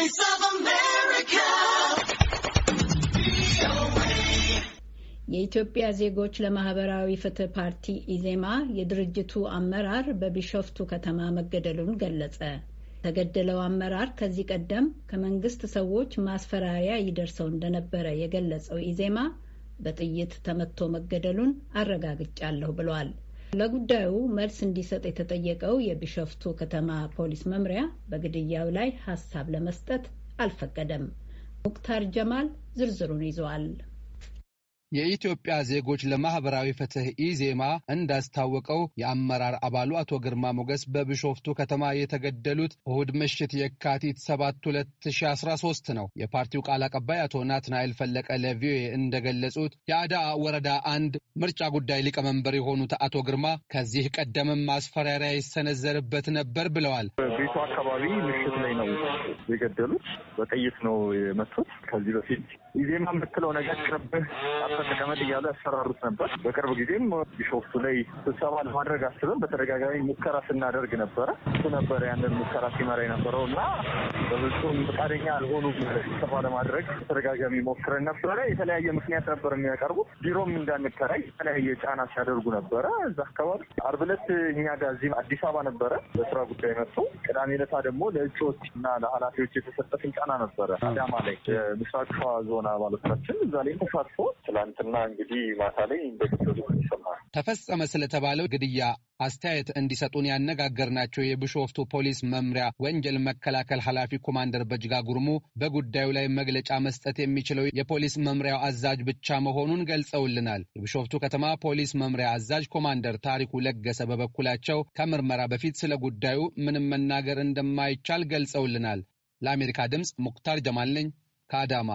Voice of America. የኢትዮጵያ ዜጎች ለማህበራዊ ፍትህ ፓርቲ ኢዜማ የድርጅቱ አመራር በቢሾፍቱ ከተማ መገደሉን ገለጸ። የተገደለው አመራር ከዚህ ቀደም ከመንግስት ሰዎች ማስፈራሪያ ይደርሰው እንደነበረ የገለጸው ኢዜማ በጥይት ተመቶ መገደሉን አረጋግጫለሁ ብሏል። ለጉዳዩ መልስ እንዲሰጥ የተጠየቀው የቢሾፍቱ ከተማ ፖሊስ መምሪያ በግድያው ላይ ሀሳብ ለመስጠት አልፈቀደም። ሙክታር ጀማል ዝርዝሩን ይዘዋል። የኢትዮጵያ ዜጎች ለማህበራዊ ፍትህ ኢዜማ እንዳስታወቀው የአመራር አባሉ አቶ ግርማ ሞገስ በቢሾፍቱ ከተማ የተገደሉት እሁድ ምሽት የካቲት 7 2013 ነው። የፓርቲው ቃል አቀባይ አቶ ናትናኤል ፈለቀ ለቪኦኤ እንደገለጹት የአዳ ወረዳ አንድ ምርጫ ጉዳይ ሊቀመንበር የሆኑት አቶ ግርማ ከዚህ ቀደምም ማስፈራሪያ ይሰነዘርበት ነበር ብለዋል። ቤቱ አካባቢ ምሽት ላይ ነው የገደሉት። በጥይት ነው የመቱት። ከዚህ በፊት ኢዜማ የምትለው ነገር ቅርብህ ተቀመጥ እያሉ ያሰራሩት ነበር። በቅርብ ጊዜም ቢሾፍቱ ላይ ስብሰባ ለማድረግ አስበን በተደጋጋሚ ሙከራ ስናደርግ ነበረ። እሱ ነበረ ያንን ሙከራ ሲመራ የነበረው እና በብጹም ፈቃደኛ አልሆኑ ስብሰባ ለማድረግ በተደጋጋሚ ሞክረን ነበረ። የተለያየ ምክንያት ነበር የሚያቀርቡት። ቢሮም እንዳንከራይ የተለያየ ጫና ሲያደርጉ ነበረ። እዛ አካባቢ አርብ ዕለት እኛ ጋር እዚህ አዲስ አበባ ነበረ በስራ ጉዳይ መጥቶ፣ ቅዳሜ ዕለታ ደግሞ ለእጩዎች እና ለኃላፊዎች የተሰጠ ስልጠና ነበረ አዳማ ላይ ምስራቅ ሸዋ ዞን አባሎቻችን እዛ ላይ ተሳትፎ ስላለ ትናንትና እንግዲህ ማታ ላይ እንደ ይሰማል ተፈጸመ ስለተባለው ግድያ አስተያየት እንዲሰጡን ያነጋገርናቸው የብሾፍቱ ፖሊስ መምሪያ ወንጀል መከላከል ኃላፊ ኮማንደር በጅጋ ጉርሙ በጉዳዩ ላይ መግለጫ መስጠት የሚችለው የፖሊስ መምሪያው አዛዥ ብቻ መሆኑን ገልጸውልናል። የብሾፍቱ ከተማ ፖሊስ መምሪያ አዛዥ ኮማንደር ታሪኩ ለገሰ በበኩላቸው ከምርመራ በፊት ስለ ጉዳዩ ምንም መናገር እንደማይቻል ገልጸውልናል። ለአሜሪካ ድምፅ ሙክታር ጀማል ነኝ ከአዳማ።